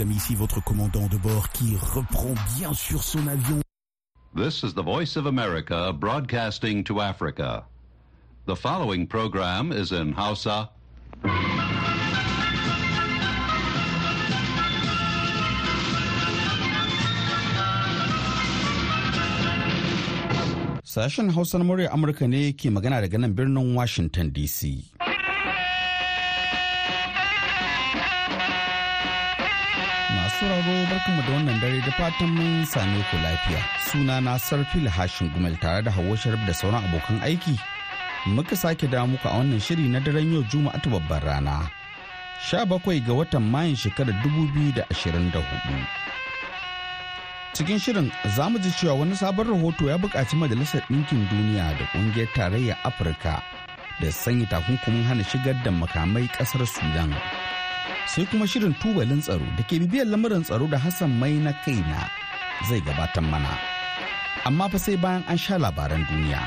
C'est ici votre commandant de bord qui reprend bien sur son avion. This is the Voice of America broadcasting to Africa. The following program is in Hausa. Sashen Hausa na murya Amurka ne ke magana daga nan birnin Washington DC. barkanmu da wannan dare da fatan mun same ku lafiya. Suna na Sarfil Hashin Gumel tare da Hauwa Sharif da sauran abokan aiki. Muka sake da muku a wannan shiri na daren yau Juma'a ta babbar rana. 17 ga watan Mayun shekarar 2024. Cikin shirin za mu ji cewa wani sabon rahoto ya buƙaci Majalisar Ɗinkin Duniya da Ƙungiyar Tarayyar Afirka da sanya takunkumin hana shigar da makamai ƙasar Sudan. sai kuma shirin tubalin tsaro da ke bibiyar lamarin tsaro da hassan mai na kaina zai gabatar mana amma fa sai bayan an sha labaran duniya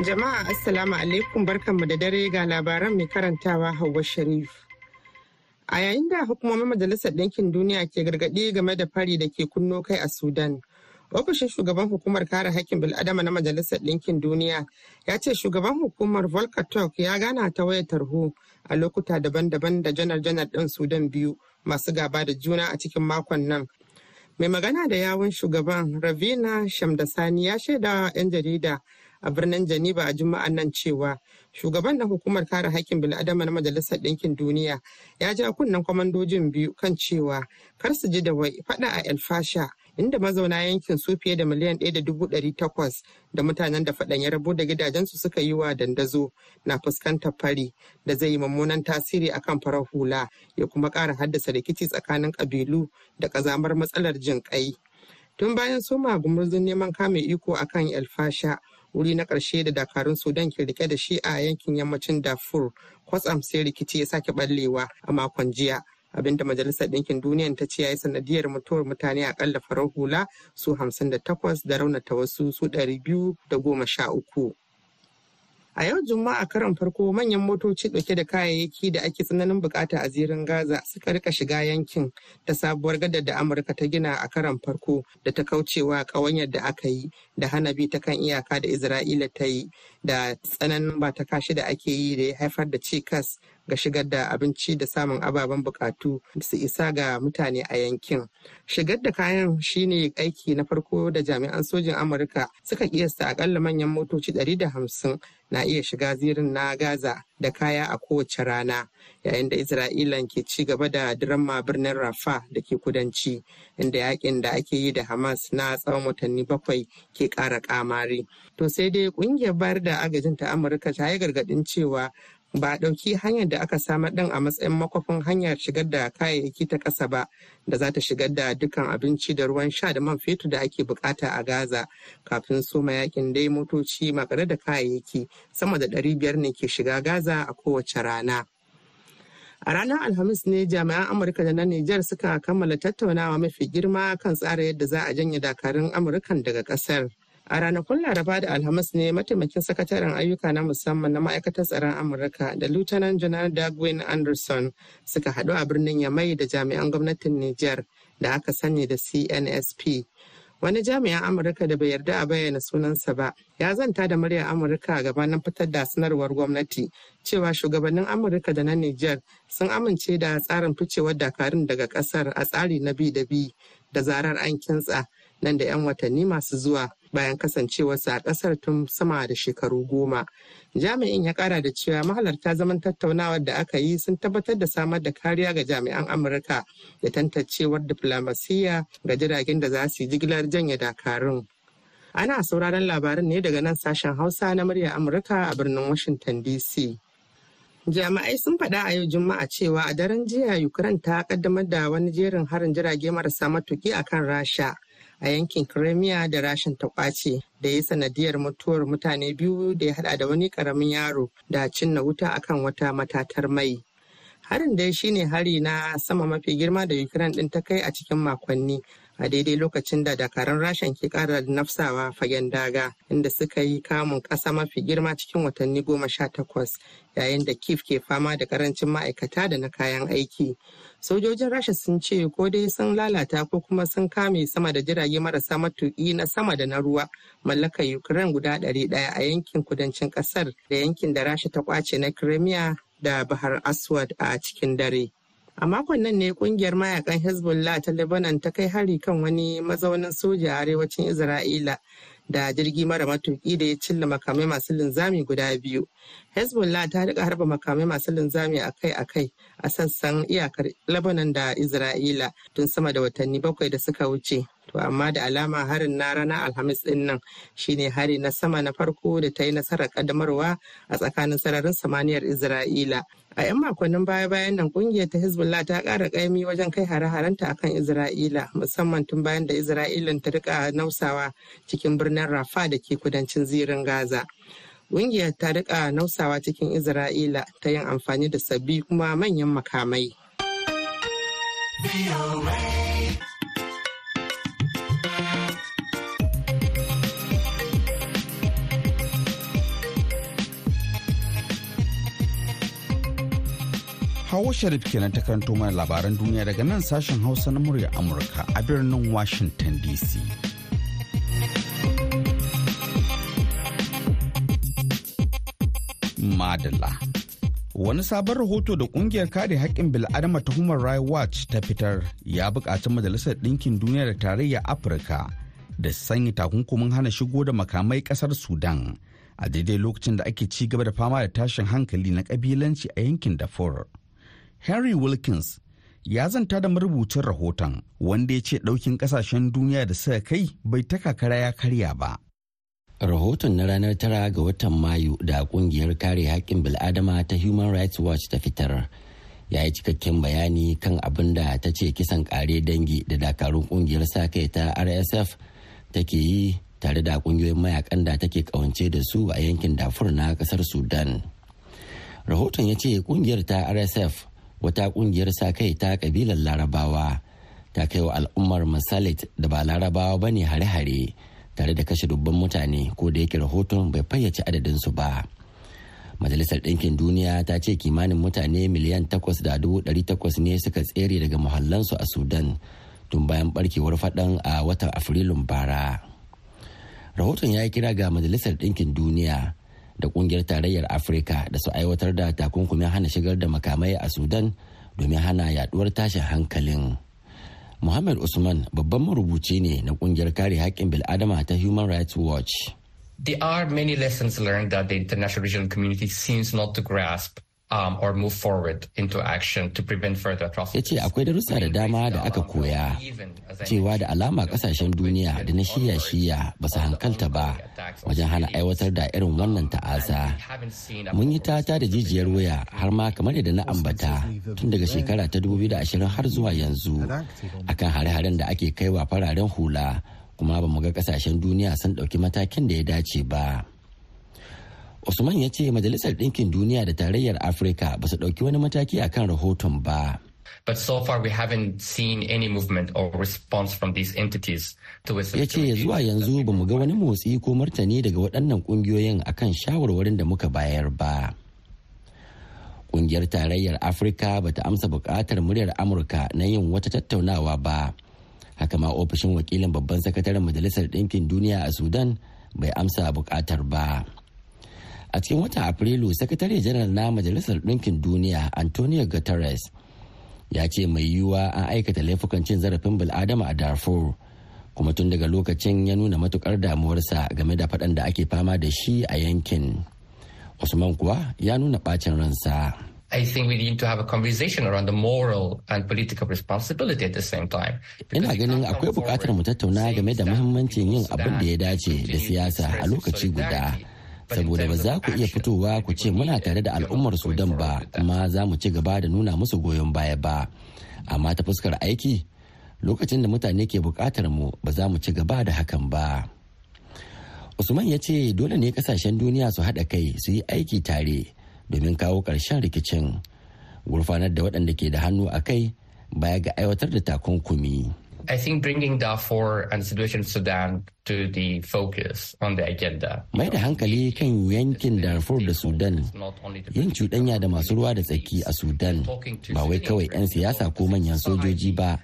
jama'a assalamu alaikum barkanmu da dare ga labaran mai karantawa hauwa sharif a yayin da hukumomin majalisar ɗinkin duniya ke gargaɗi game da fari da ke kunno kai a sudan ofishin shugaban hukumar kare hakkin bil'adama na majalisar ɗinkin duniya ya ce shugaban hukumar volkatok ya gana ta wayar tarho a lokuta daban-daban da janar-janar ɗin sudan biyu masu gaba da juna a cikin makon nan mai magana da yawun shugaban ravina shamdasani ya shaida 'yan jarida a birnin Janiba a juma'an nan cewa shugaban na hukumar kare haƙƙin bil'adama na majalisar ɗinkin duniya ya ja kunnan kwamandojin biyu kan cewa kar su ji da wai faɗa a elfasha inda mazauna yankin su fiye da miliyan ɗaya da dubu ɗari takwas da mutanen da faɗan ya rabu da gidajensu suka yi wa dandazo na fuskantar fari da zai yi mummunan tasiri akan farar hula ya kuma ƙara haddasa rikici tsakanin ƙabilu da ƙazamar matsalar jinƙai. Tun bayan soma gumurzun neman kame iko akan elfasha wuri na ƙarshe da dakarun sudan ke rike da shi a yankin yammacin darfur kwatsam sai rikici ya sake ballewa a makon jiya abinda majalisar ɗinkin duniya ta ce ya yi sanadiyar mutuwar mutane a ƙalla farar hula su hamsin da takwas da raunata wasu su biyu da goma sha uku. A yau Juma'a karon farko manyan motoci dauke da kayayyaki da ake tsananin bukata a zirin Gaza suka rika shiga yankin ta sabuwar gadar da Amurka ta gina a karon farko da ta kaucewa kawanyar da aka yi da hana bi ta kan iyaka da Isra'ila ta yi da tsananin ba ta kashi da ake yi da ya haifar da cikas ga shigar da abinci da samun ababen bukatu su isa ga mutane a yankin. Shigar da kayan shine aiki na farko da jami'an sojin Amurka suka kiyasta akalla manyan motoci 150 na iya shiga zirin na Gaza da kaya a kowace rana yayin da Isra'ila ke ci gaba da diramma birnin Rafa da ke kudanci inda yakin da ake yi da Hamas na tsawon watanni bakwai ke kara kamari. To sai dai kungiyar bayar da agajin ta Amurka ta yi gargadin cewa ba a ɗauki hanyar da aka samar ɗin a matsayin makwafin hanyar shigar da kayayyaki ta ƙasa ba da za ta shigar da dukkan abinci da ruwan sha da man fetur da ake bukata a gaza kafin ma yakin dai motoci makare da kayayyaki sama da ɗari biyar ne ke shiga gaza a kowace rana a ranar alhamis ne jami'an amurka da na nijar suka kammala tattaunawa mafi girma kan tsara yadda za a janye dakarun amurkan daga ƙasar A ranakun Laraba da Alhamis ne mataimakin sakataren ayyuka na musamman na ma'aikatar tsaron Amurka da Lieutenant General Dagwin Anderson suka haɗu a birnin Yamai da jami'an gwamnatin Nijar da aka sani da CNSP. Wani jami'an Amurka da bai yarda a bayyana sunansa ba ya zanta da murya Amurka a gabanin fitar da sanarwar gwamnati cewa shugabannin Amurka da na Nijar sun amince da tsarin ficewar dakarun daga kasar a tsari na bi da bi da zarar an kintsa nan da 'yan watanni masu zuwa. bayan kasancewarsa a kasar tun sama da shekaru goma. Jami'in ya ƙara da cewa mahalarta zaman tattaunawar da aka yi sun tabbatar da samar da kariya ga jami'an Amurka da tantancewar diflomasiyya ga jiragen da za su yi jigilar janye dakarun. Ana sauraron labarin ne daga nan sashen Hausa na murya Amurka a birnin Washington DC. Jami'ai sun faɗa a yau Juma'a cewa a daren jiya Ukraine ta ƙaddamar da wani jerin harin jirage marasa matuki akan Rasha. a yankin Crimea da rashin ta da ya sanadiyar mutuwar mutane biyu da ya hada da wani karamin yaro da cinna wuta akan wata matatar mai. Harin dai shine hari na sama mafi girma da Ukraine din ta kai a cikin makonni a daidai lokacin da dakarun rashen ke kara nafsawa fagen daga inda suka yi kamun ƙasa mafi girma cikin watanni goma sha takwas yayin da kif ke fama da karancin ma'aikata da na kayan aiki sojojin rasha sun ce ko dai sun lalata ko kuma sun kame sama da jirage marasa matuƙi na sama da na ruwa mallakar ukraine guda ɗari ɗaya a yankin kudancin ƙasar da yankin da rasha ta kwace na crimea da bahar aswad a cikin dare a makon nan ne kungiyar mayakan hezbollah ta lebanon ta kai hari kan wani mazaunin soja arewacin isra'ila da jirgi mara matuki da ya cilla makamai masu linzami guda biyu hezbollah ta rika harba makamai masu linzami akai-akai a sassan iyakar lebanon da isra'ila tun sama da watanni bakwai da suka wuce to amma da alama harin na ranar alhamis din nan shine hari na sama na farko da ta yi nasarar kaddamarwa a tsakanin sararin samaniyar isra'ila a 'yan makonnin baya-bayan nan kungiyar ta hezbollah ta ƙara kaimi wajen kai hare-harenta kan isra'ila musamman tun bayan da Isra'ila ta rika nausawa cikin birnin rafa da ke kudancin zirin gaza ƙungiyar ta rika nausawa cikin isra'ila ta yin amfani da sabbi kuma manyan makamai. Kawo Sharif kenan ta karanto mana labaran duniya daga nan sashen Hausa na murya Amurka a birnin Washington DC. Madala. Wani sabon rahoto da kungiyar kare haƙƙin bil'adama ta Human Rights Watch ta fitar ya buƙaci Majalisar Ɗinkin Duniya da Tarayya Afirka da sanya takunkumin hana shigo da makamai ƙasar Sudan a daidai lokacin da ake ci gaba da fama da tashin hankali na ƙabilanci a yankin Darfur. Harry Wilkins ya zanta da marubucin rahoton wanda ya ce ɗaukin ƙasashen duniya da suka kai bai ta kakara ya karya ba. Rahoton na ranar tara ga watan Mayu da ƙungiyar kare haƙƙin bil'adama ta Human Rights Watch ta fitar ya yi cikakken bayani kan abin da ta ce kisan ƙare dangi da dakarun ƙungiyar sa kai ta RSF take yi tare da ƙungiyoyin mayakan da take kawance da su a yankin dafur na ƙasar sudan rahoton ya ce ƙungiyar ta rsf wata kungiyar sa kai ta kabilar larabawa ta kai wa al'ummar masalit da ba larabawa ba ne hare-hare tare da kashe dubban mutane ko da yake rahoton bai fayyace adadinsu ba majalisar ɗinkin duniya ta ce kimanin mutane miliyan 8,800 ne suka tsere daga muhallansu a sudan tun bayan barkewar faɗan a watan afrilun bara rahoton ya yi kira ga majalisar ɗinkin duniya da kungiyar tarayyar afirka da su aiwatar da takunkumin hana shigar da makamai a sudan domin hana yaduwar tashin hankalin muhammad usman babban marubuci ne na kungiyar kare haƙƙin bil'adama ta human rights watch There are many lessons learned that the international regional community seems not to grasp. um, or move forward into action to prevent further Ya ce akwai darussa da dama da aka koya cewa da alama kasashen duniya da na shiya-shiya ba su hankalta ba wajen hana aiwatar da irin wannan ta'asa. Mun yi tata da jijiyar waya har ma kamar yadda na ambata tun daga shekara ta 2020 har zuwa yanzu akan hare-haren da ake kaiwa fararen hula kuma ba mu ga kasashen duniya sun ɗauki matakin da ya dace ba. usman ya ce majalisar ɗinkin duniya da tarayyar afirka ba su ɗauki wani mataki a kan rahoton ba But so far we haven't seen any movement or response from these entities Ya ce zuwa yanzu ba mu ga wani motsi ko martani daga waɗannan ƙungiyoyin kan shawarwarin da muka bayar ba. Ƙungiyar Tarayyar Afirka ba ta amsa buƙatar muryar Amurka na yin wata tattaunawa ba. Haka ma ofishin wakilin babban sakataren Majalisar Ɗinkin Duniya a Sudan bai amsa buƙatar ba. a cikin watan afrilu sakatare janar na majalisar ɗinkin duniya antonio guterres ya ce mai yiwuwa an aikata laifukan cin zarafin bil'adama a darfur kuma tun daga lokacin ya nuna matukar damuwarsa game da faɗan da ake fama da shi a yankin usman kuwa ya nuna bacin ransa I think we need to have a conversation around the moral and political responsibility at the same time. Ina ganin akwai bukatar mu tattauna game da muhimmancin yin abin da ya dace da siyasa a lokaci guda. saboda ba za ku iya fitowa ku ce muna tare da al'ummar sudan ba kuma za mu ci gaba da nuna musu goyon baya ba amma ta fuskar aiki lokacin da mutane ke bukatar mu ba za mu ci gaba da hakan ba usman ya ce dole ne kasashen duniya su haɗa kai su yi aiki tare domin kawo ƙarshen rikicin gurfanar da waɗanda ke da hannu a kai baya ga aiwatar da takunkumi. I think bringing Darfur and the situation in Sudan to the focus on the agenda. Mai da hankali kan yankin Darfur da Sudan, yin cuɗanya da masu ruwa da tsaki a Sudan ba wai kawai 'yan siyasa ko manyan sojoji ba,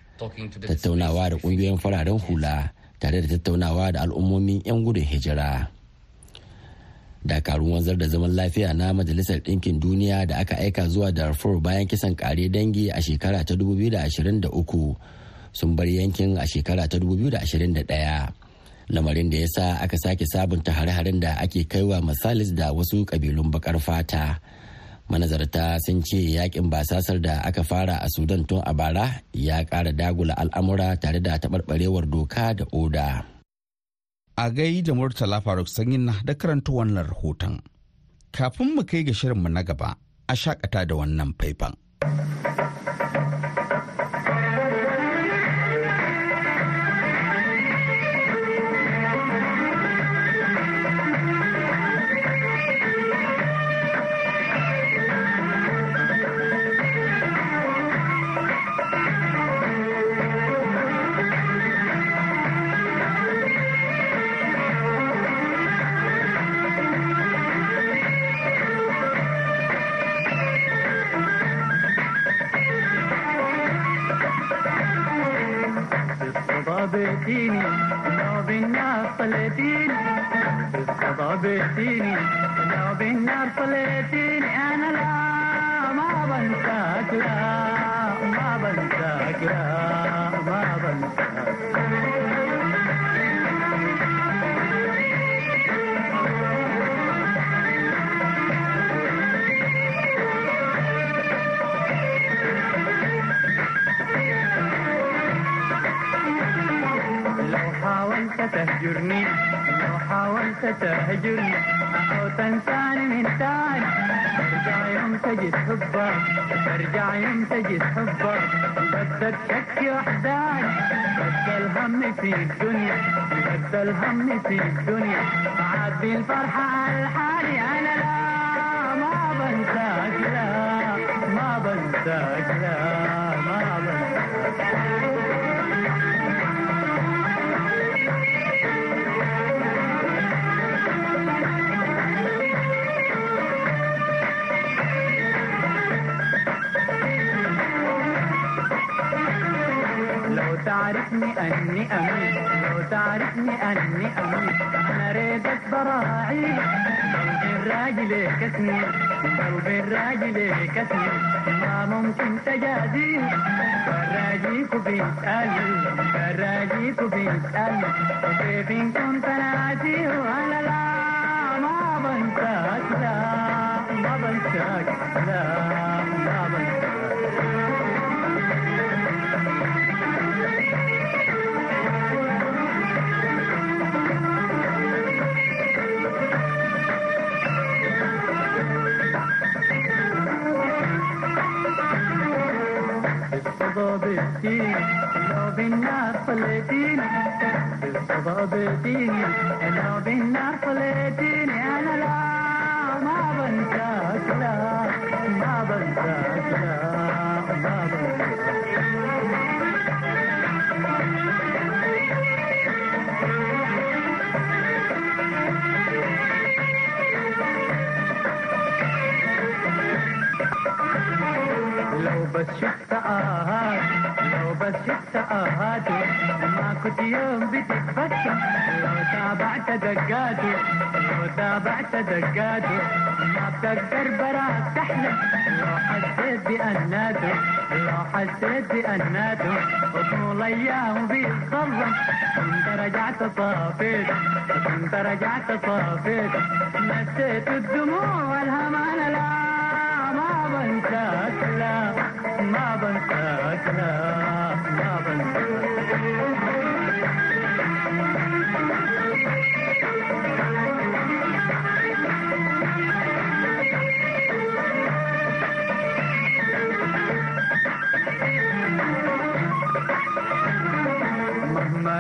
tattaunawa da ƙungiyoyin fararen hula tare da tattaunawa da al'ummomin 'yan gudun hijira. dakarun wanzar da zaman lafiya na majalisar ɗinkin duniya da aka aika zuwa darfur bayan kisan kare dangi a shekara ta 2023 sun bar yankin a shekara ta 2021 lamarin da ya sa aka sake sabunta hare-haren da ake kaiwa masalis da wasu kabilun bakar fata manazarta sun ce yakin basasar da aka fara a sudan tun a bara ya kara dagula al'amura tare da taɓarɓarewar doka da oda a gai da murtala faruk sanyin na da karanta wannan rahoton kafin mu kai ga shirinmu na gaba a shakata da wannan faifan. بيتيني أنا بالنار صليتيني في الصبا بيتيني أنا بالنار صليتيني أنا لا ما بنساك لا ما بنساك لا ما بنساك تهجرني لو حاولت تهجرني أو تنساني من تاني ترجع يوم تجد حبك ترجع يوم تجد حبك بدل شكي وحداني بدل الهم في الدنيا بدل الهم في الدنيا عاد بالفرحة على تعرفني أني أمين لو تعرفني أني أمين أنا ريدك براعي قلبي الراجل كسني قلبي الراجل كسني ما ممكن تجادي فراجيك بيسألني فراجيك بيسألني وكيف إن كنت ناسي وأنا لا ما بنساك لا ما بنساك لا ما بنساك بالنار خليتيني غضبتيني لو بالنار خليتيني انا لا ما بنساك لا ما بنساك لا ما بنساك لو بس شفت آه بس آهاته ما كنت يوم بتتفتى لو تابعت دقاته لو تابعت دقاته ما بتقدر براك تحلم لو حسيت بأناته لو حسيت بأناته طول أيام بيتظلم كنت رجعت صافيت كنت رجعت صافيت نسيت الدموع والهمان لا ما بنساك لا Mavan Kakla, Mavan Kakla.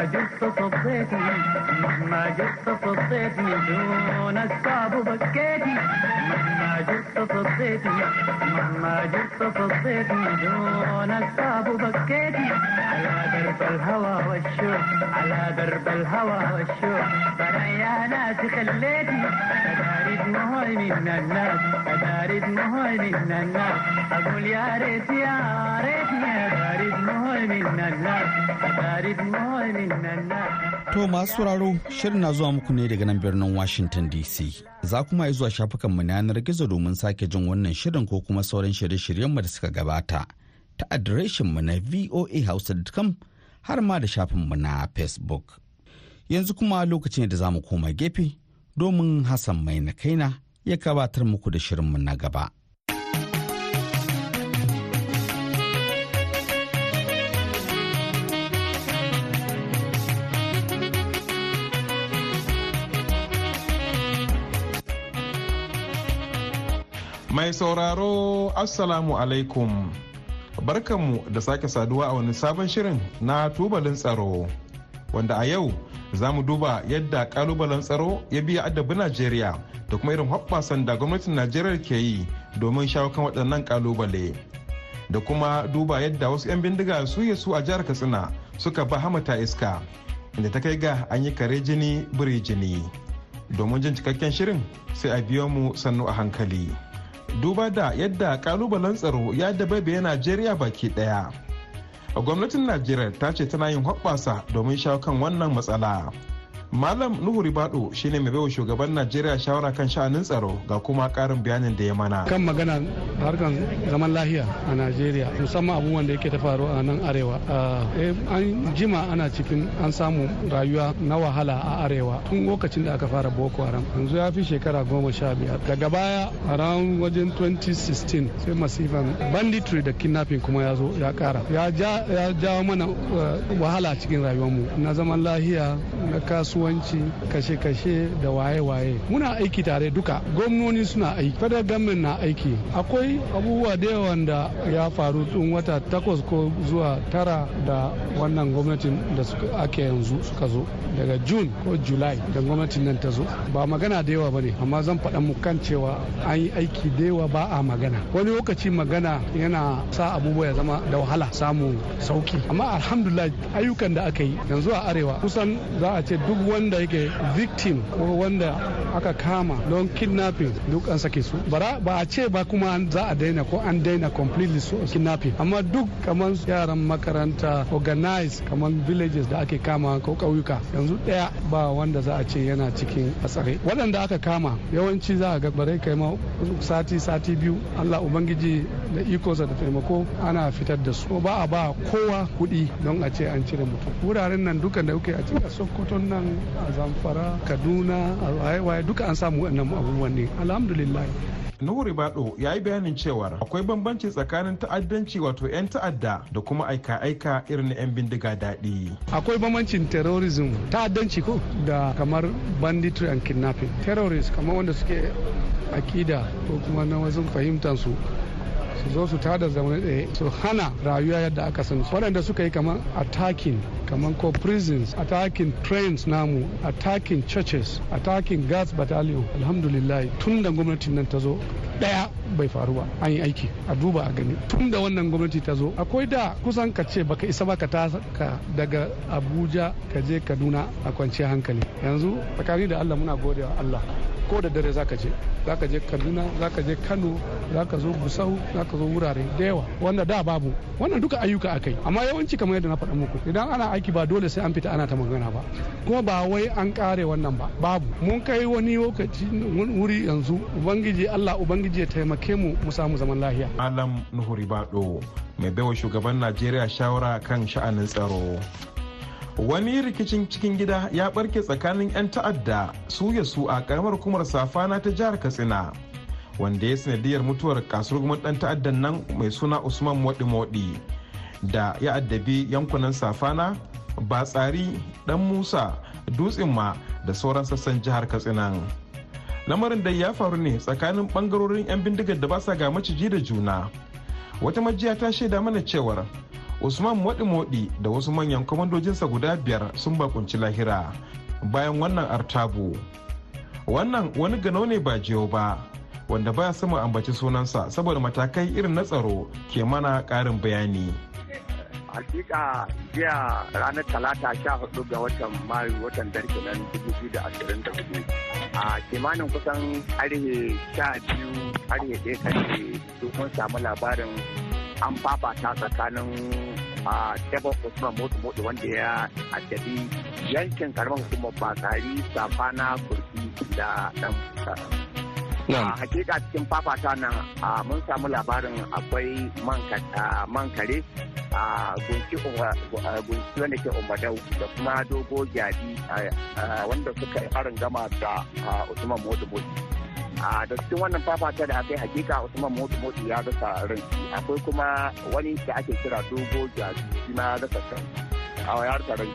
مهما جبت صديتني مهما جبت صديتني دون الصعب بكيتي مهما جبت صديتني مهما جبت صديتني دون الصعب بكيتي على درب الهوى والشوق على درب الهوى والشوق بنيا ناس خليتي تدارد مهوي من الناس تدارد مهوي من الناس اقول يا ريت يا يا بارد مهوي من الناس تدارد مهوي من To masu sauraro shirin na zuwa muku ne daga nan birnin Washington DC. Za kuma zuwa shafukanmu na yanar gizo domin sake jin wannan shirin ko kuma sauran shirye shiryen mu da suka gabata ta mu na voahouse.com har ma da shafin mu na Facebook. Yanzu kuma lokacin da za mu koma gefe domin Hassan mai na kaina ya gabatar muku da shirin mu na gaba. Mai sauraro Assalamu alaikum. Barkanmu da sake saduwa a wani sabon shirin na tubalin tsaro. Wanda a yau za mu duba yadda kalubalen tsaro ya biya addabi Najeriya da kuma irin hoɓɓasan da gwamnatin Najeriya ke yi domin shawo kan waɗannan kalubale. Da kuma duba yadda wasu 'yan bindiga su ya su a jihar Katsina suka ba hamata iska inda ta kai ga an yi kare jini biri jini. Domin jin cikakken shirin sai a biyo mu sannu a hankali. duba da yadda kalubalen tsaro ya dabaibaye najeriya baki daya gwamnatin najeriya ta ce tana yin hoɓɓasa domin shawo kan wannan matsala malam nuhu ribado shine mai baiwa shugaban najeriya shawara kan sha'anin tsaro ga kuma karin bayanin da ya mana kan magana harkan zaman lafiya a najeriya musamman abubuwan da yake ta faru a nan arewa ah, eh, an jima ana cikin an samu rayuwa na wahala a arewa tun lokacin da aka fara boko haram yanzu ya fi shekara goma sha biyar daga baya a ran wajen 2016 sai masifan banditry da kidnapping kuma ya zo ya kara ya jawo mana eh, wahala cikin rayuwar mu na zaman lahiya na kasuwa kasuwanci kashe-kashe da waye-waye muna aiki tare duka gwamnoni suna aiki federal government na aiki akwai abubuwa da yawa da ya faru tun wata takwas ko zuwa tara da wannan gwamnatin da suka ake yanzu suka zo daga jun ko july da gwamnatin nan ta zo ba magana da yawa ba ne amma zan faɗa mu kan cewa an yi aiki da yawa ba a magana wani lokaci magana yana sa abubuwa ya zama da wahala samun sauki amma alhamdulillah ayyukan da aka yi yanzu a arewa kusan za a ce duk wanda yake victim ko wanda aka kama don kidnapping duk an sake su bara ba a ce ba kuma za a daina ko an daina completely so kidnapping amma duk kamar yaran makaranta organize kamar villages da ake kama ko kauyuka yanzu daya ba wanda za a ce yana cikin asare waɗanda aka kama yawanci za a ga kai ma sati sati biyu Allah ubangiji da ikonsa da taimako ana fitar da su ba a ba kowa kuɗi don a ce an cire mutum wuraren nan dukan da kuke a cikin sokoton nan a zamfara kaduna a waye duka an samu wannan abubuwan ne alhamdulillah Nuhu Ribado ya yi bayanin cewar akwai bambanci tsakanin ta'addanci wato 'yan ta'adda da kuma aika-aika irin 'yan bindiga daɗi. Akwai bambancin terrorism ta'addanci ko da kamar banditry and kidnapping. Terrorist kamar wanda suke akida ko kuma na wasu fahimtansu su zo su tada zaune tsaye su hana rayuwa yadda aka su waɗanda suka yi kamar attacking kamar ko prisons attacking trains namu attacking churches attacking gas battalion alhamdulillah tun da gwamnatin nan ta zo daya bai faru an yi aiki a duba a gani tun da wannan gwamnati ta zo akwai da kusan ka ce baka isa baka ta daga abuja ka je kaduna a kwanciyar hankali yanzu tsakani da allah muna godewa allah ko da dare zaka je zaka je kaduna zaka je kano zaka zo busau zaka zo wurare da yawa wanda da babu wannan duka ayyuka akai amma yawanci kamar yadda na faɗa muku idan ana aiki ba dole sai an fita ana ta magana ba kuma ba wai an kare wannan ba babu mun kai wani lokaci wuri yanzu ubangiji allah ubangiji ya taimake mu mu samu zaman lafiya alam nuhuri bado mai baiwa shugaban najeriya shawara kan sha'anin tsaro wani rikicin cikin gida ya barke tsakanin 'yan ta'adda su ya su a karamar hukumar safana ta jihar katsina wanda ya sanadiyar mutuwar kasuwar dan ta'addan nan mai suna usman moɗi-moɗi da ya addabi yankunan safana batsari dan musa dutsen ma da sauran sassan jihar katsina lamarin da ya faru ne tsakanin bangarorin 'yan bindigar da ba sa ga maciji da juna wata majiya ta shaida mana cewar usman moɗi-moɗi da wasu manyan kwamandojinsa guda biyar sun bakunci lahira bayan wannan artabu wannan wani gano ne ba jiyo ba wanda baya sama ambaci sunansa saboda matakai irin na tsaro ke mana ƙarin bayani. hakika jiya ranar talata sha hudu ga watan mayu watan darki nan dubu biyu da ashirin da hudu a kimanin kusan karhe sha biyu karhe ɗaya karhe su mun samu labarin an fafata tsakanin a Tebon kusurwa motsu motsu wanda ya addabi yankin karamar hukumar Bakari Safana kurki da dan a hakika cikin fafata nan mun samu labarin akwai man kare a gunki wanda ke umadau da kuma dogo gyabi wanda suka yi harin gama da usman motsi a da cikin wannan fafata da aka yi hakika usman motsi motsi ya rasa rin akwai kuma wani da ake kira dogo gyabi shi ma rasa kan a ya rasa rin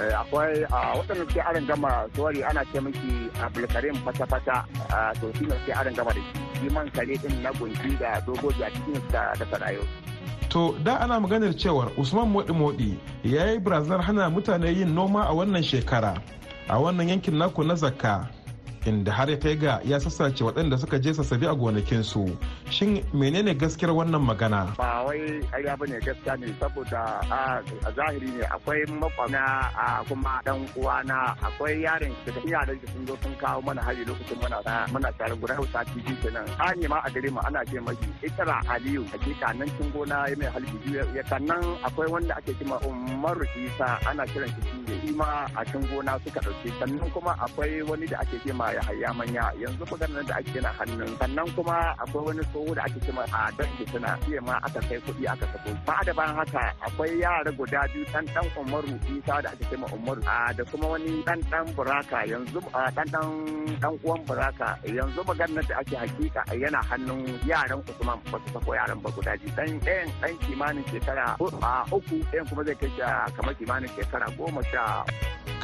eh, akwai a waɗanda suke arin gama sorry ana ce miki abulkarim fata-fata to shi ne suke arin gama da shi man kare din na gunki da dogo gyabi shi ne suka rasa To da ana maganar cewar Usman Modi Modi ya yi barazanar hana mutane yin noma a wannan shekara a wannan yankin naku na zakka. inda har ya kai ga ya sassace waɗanda suka je sassabe a gonakinsu shin menene gaskiyar wannan magana ba wai abu ne gaskiya ne saboda a zahiri ne akwai makwana a kuma dan uwa na. akwai yarin daga yaran da sun zo sun kawo mana hari lokacin muna muna tare guda sati nan. kenan ne ma a gare mu ana ce maji itara aliyu hakika nan cin gona ya mai halbi ya nan akwai wanda ake kima umar isa ana kiran shi shi ma a cin gona suka ɗauke sannan kuma akwai wani da ake kima ya haya manya yanzu maganar da ake na hannun sannan kuma akwai wani tsoho da ake cima a dasu suna iya ma aka kai kuɗi aka sako ba da ban haka akwai yara guda biyu dan dan umaru isa da ake cima umaru a da kuma wani dan dan buraka yanzu dan dan dan uwan buraka yanzu maganar da ake hakika yana hannun yaran usman ba su sako yaran ba guda biyu dan ɗayan dan kimanin shekara uku ɗayan kuma zai kai kamar kimanin shekara goma sha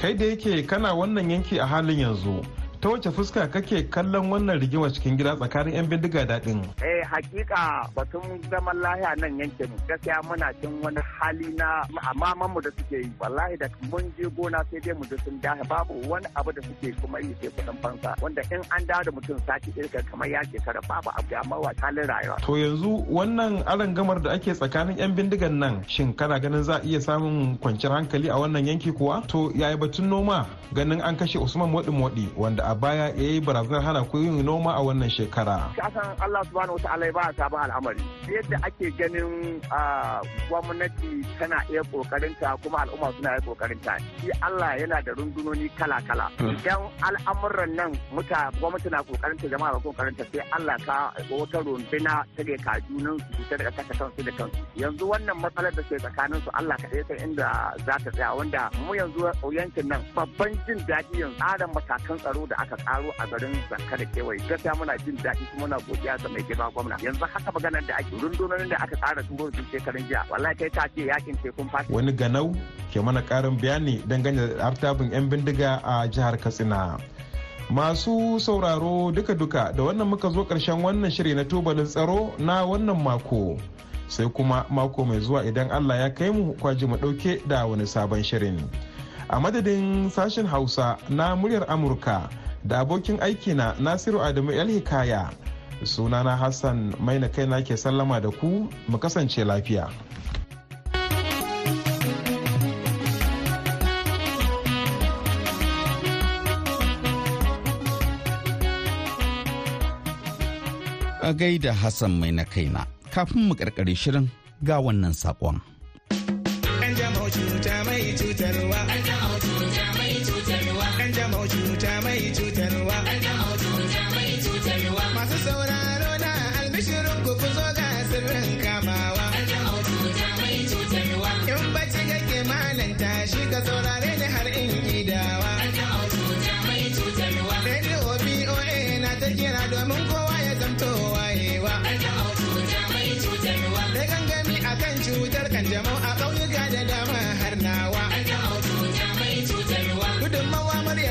kai da yake kana wannan yanki a halin yanzu ta wace fuska kake kallon wannan rigima cikin gida tsakanin 'yan bindiga daɗin? Eh hakika batun zaman lahiya nan yankin gaskiya muna cin wani hali na amaman mu da suke yi wallahi da mun je gona sai dai mu ji sun dahe babu wani abu da suke kuma yi sai kudin fansa wanda in an dawo da mutum sati irka kamar ya shekara babu abu amma wa halin rayuwa. To yanzu wannan gamar da ake tsakanin 'yan bindigan nan shin kana ganin za a iya samun kwanciyar hankali a wannan yanki kuwa? To yayi batun noma ganin an kashe Usman Moɗi-Moɗi wanda a baya ya yi barazanar hana ku yin noma a wannan shekara. Kasan Allah subhanahu wa ta'ala ta ba sabon al'amari. Yadda ake ganin gwamnati tana iya kokarinta kuma al'umma suna iya kokarinta. Shi Allah yana da rundunoni kala-kala. Hmm. Idan al'amuran nan muta gwamnati na kokarinta jama'a ba kokarinta sai Allah ka wata rundina ta ne ka junan su ta daga kasa kansu da kansu. Yanzu wannan matsalar da ke tsakanin su Allah kaɗai san inda za ta tsaya wanda mu yanzu yankin nan babban jin daɗi yanzu tsarin matakan tsaro da aka karo a garin zanka da kewaye gaskiya muna jin daɗi kuma muna godiya ga mai girma gwamna yanzu haka maganar da ake rundunonin da aka tsara tun su shekarun jiya wallahi kai ta ce yakin tekun fata wani ganau ke mana karin bayani dangane da artabin yan bindiga a jihar katsina masu sauraro duka-duka da wannan muka zo karshen wannan shiri na tubalin tsaro na wannan mako sai kuma mako mai zuwa idan allah ya kai mu kwaji mu ɗauke da wani sabon shirin a madadin sashen hausa na muryar amurka da abokin aiki na nasiru adamu yal hikaya sunana hassan maina kaina ke sallama da ku mu kasance lafiya a gaida Hassan mai na kaina kafin mu karkare shirin ga wannan saƙon.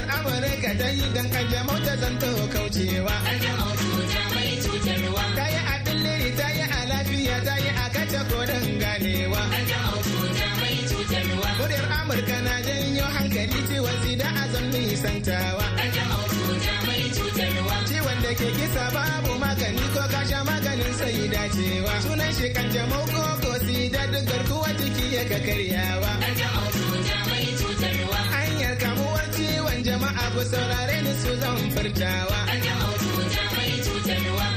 amurka ta yi don kanjamau ta zanto kaucewa ta yi a billiri ta yi a lafiya ta yi a kace kodin ganewa kudin amurka na janyo hankali ciwon sida a zan nisantawa ciwon da ke kisa babu magani ko kasha maganin sai dacewa sunan shi kanjamau ko ko sida duk garkuwa jiki ya ka karyawa Abu ku saurare ni su zan furtawa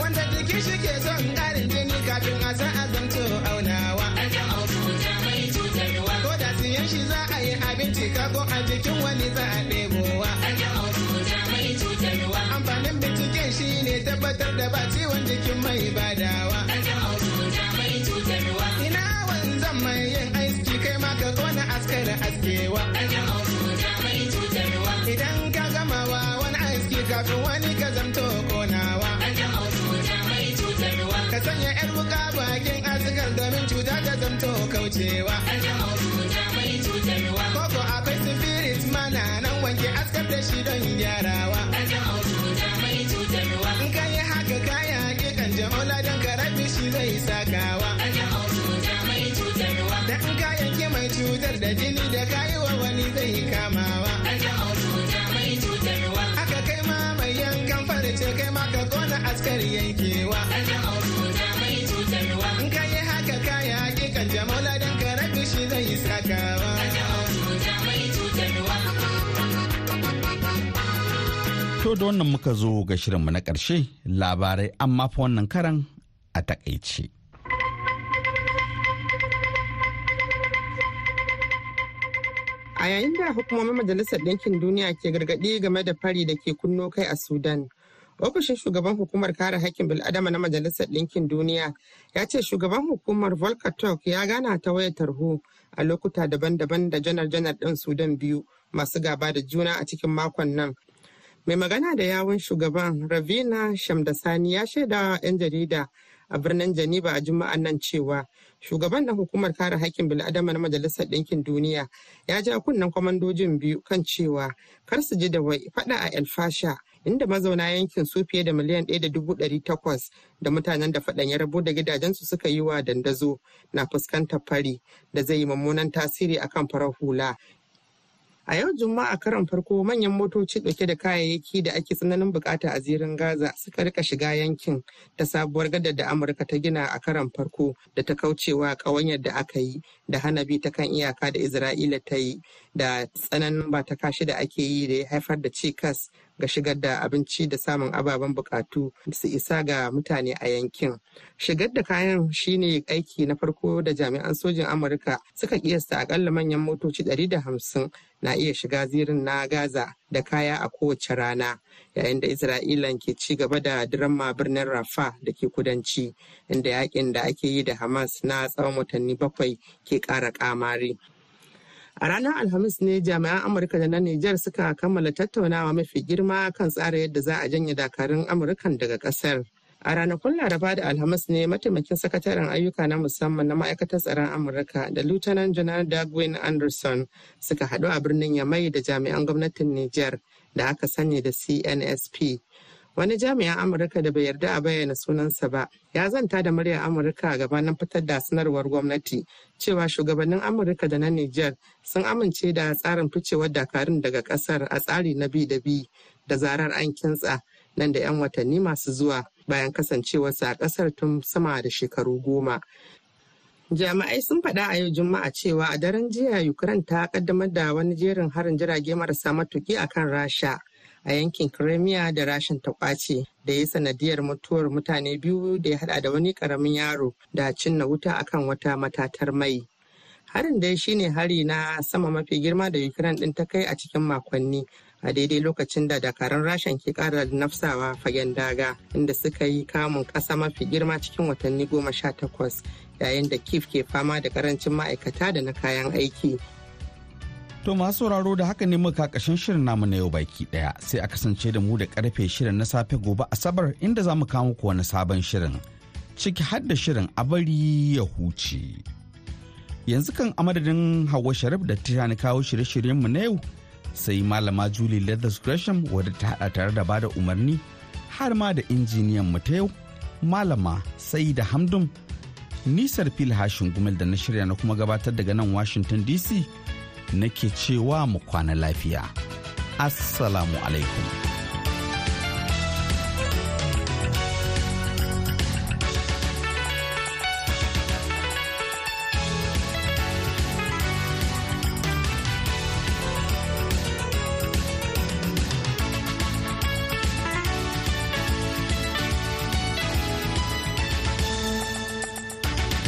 wanda jiki shi ke son karin jini kafin a san azamto aunawa ko da siyan shi za a yi abinci ka ko a jikin wani za a ɗebowa amfanin binciken shi ne tabbatar da ba ciwon jikin mai badawa ina wanzan mai yin aiki kai ma ka kona askara askewa zamto konawa ka sanya yar wuka bakin asigar domin cuta ta zamto kaucewa koko akwai spirit mana nan wanke askar da shi don gyarawa in ka yi haka kaya ke kan jama'ula don karabi shi zai sa To da wannan muka zo ga shirinmu na ƙarshe labarai amma fa wannan karan a takaice. A yayin da hukumomin Majalisar Ɗinkin Duniya ke gargaɗi game da fari da ke kunno kai a Sudan, ofishin shugaban hukumar kare hakkin bil'adama na majalisar ɗinkin duniya ya ce shugaban hukumar volkatok ya gana ta wayar tarho a lokuta daban-daban da janar-janar ɗin sudan biyu masu gaba da juna a cikin makon nan mai magana da yawun shugaban ravina shamdasani ya shaida 'yan jarida a birnin Geneva a juma'an nan cewa shugaban da hukumar kare haƙƙin bil'adama na Majalisar Ɗinkin Duniya ya ja kunnan kwamandojin biyu kan cewa kar su ji da wai faɗa a El Fasha inda mazauna yankin su fiye da miliyan ɗaya da dubu ɗari takwas da mutanen da faɗan ya rabu da gidajensu suka yi wa dandazo na fuskantar fari da zai yi mummunan tasiri akan farar hula A yau Juma'a karon farko manyan motoci dauke da kayayyaki da ake tsananin bukata a zirin Gaza suka rika shiga yankin ta sabuwar gadar da Amurka ta gina a karon farko da ta kaucewa ƙawanyar da aka yi da hana bi ta kan iyaka da Isra'ila ta yi da tsananin ba ta kashi da ake yi da ya haifar da cikas ga shigar da abinci da samun ababen bukatu su isa ga mutane a yankin. Shigar da kayan shine aiki na farko da jami'an sojin Amurka suka kiyasta akalla manyan motoci 150 na iya shiga zirin na Gaza da kaya a kowace rana yayin da Isra'ila ke ci gaba da diramma birnin Rafa da ke kudanci inda yakin da ake yi da Hamas na tsawon watanni bakwai ke kara kamari. A ranar Alhamis ne jami'an Amurka da na Nijar suka kammala tattaunawa mafi girma kan tsara yadda za a janye dakarun Amurkan daga ƙasar. A ranakun Laraba da Alhamis ne mataimakin sakataren ayyuka na musamman na ma'aikatar tsaron Amurka da Lieutenant General Dagwin Anderson suka haɗu a birnin Yamai da jami'an gwamnatin Nijar da aka sani da CNSP wani jami'an amurka da bai yarda a bayyana sunansa ba ya zanta da murya amurka a gabanin fitar da sanarwar gwamnati cewa shugabannin amurka da na niger sun amince da tsarin ficewar dakarun daga kasar a tsari na bi da bi da zarar an kintsa nan da 'yan watanni masu zuwa bayan kasancewarsa a kasar tun sama da shekaru goma jami'ai sun faɗa a yau juma'a cewa a daren jiya ukraine ta kaddamar da wani jerin harin jirage marasa matuki akan rasha a yankin Crimea da rashin ta da ya sanadiyar mutuwar mutane biyu da ya hada da wani karamin yaro da cinna wuta akan wata matatar mai. Harin dai shine hari na sama mafi girma da Ukraine ɗin ta kai a cikin makonni a daidai lokacin da dakarun rashin ke kara nafsawa fagen daga inda suka yi kamun ƙasa mafi girma cikin watanni goma sha takwas yayin da kif ke fama da karancin ma'aikata da na kayan aiki To masu sauraro da haka ne muka kashin shirin namu na yau baki daya sai a kasance da mu da karfe shirin na safe gobe asabar inda za mu kawo ku wani sabon shirin ciki har da shirin a bari ya huce. Yanzu kan a madadin Hauwa Sharif da ta kawo shirye mu na yau sai malama Julie Leathers Gresham wadda ta hada tare da bada umarni har ma da injiniyan mu ta yau malama sai da hamdum nisar fil hashin gumel da na shirya na kuma gabatar daga nan Washington DC. nake cewa mu kwana lafiya assalamu alaikum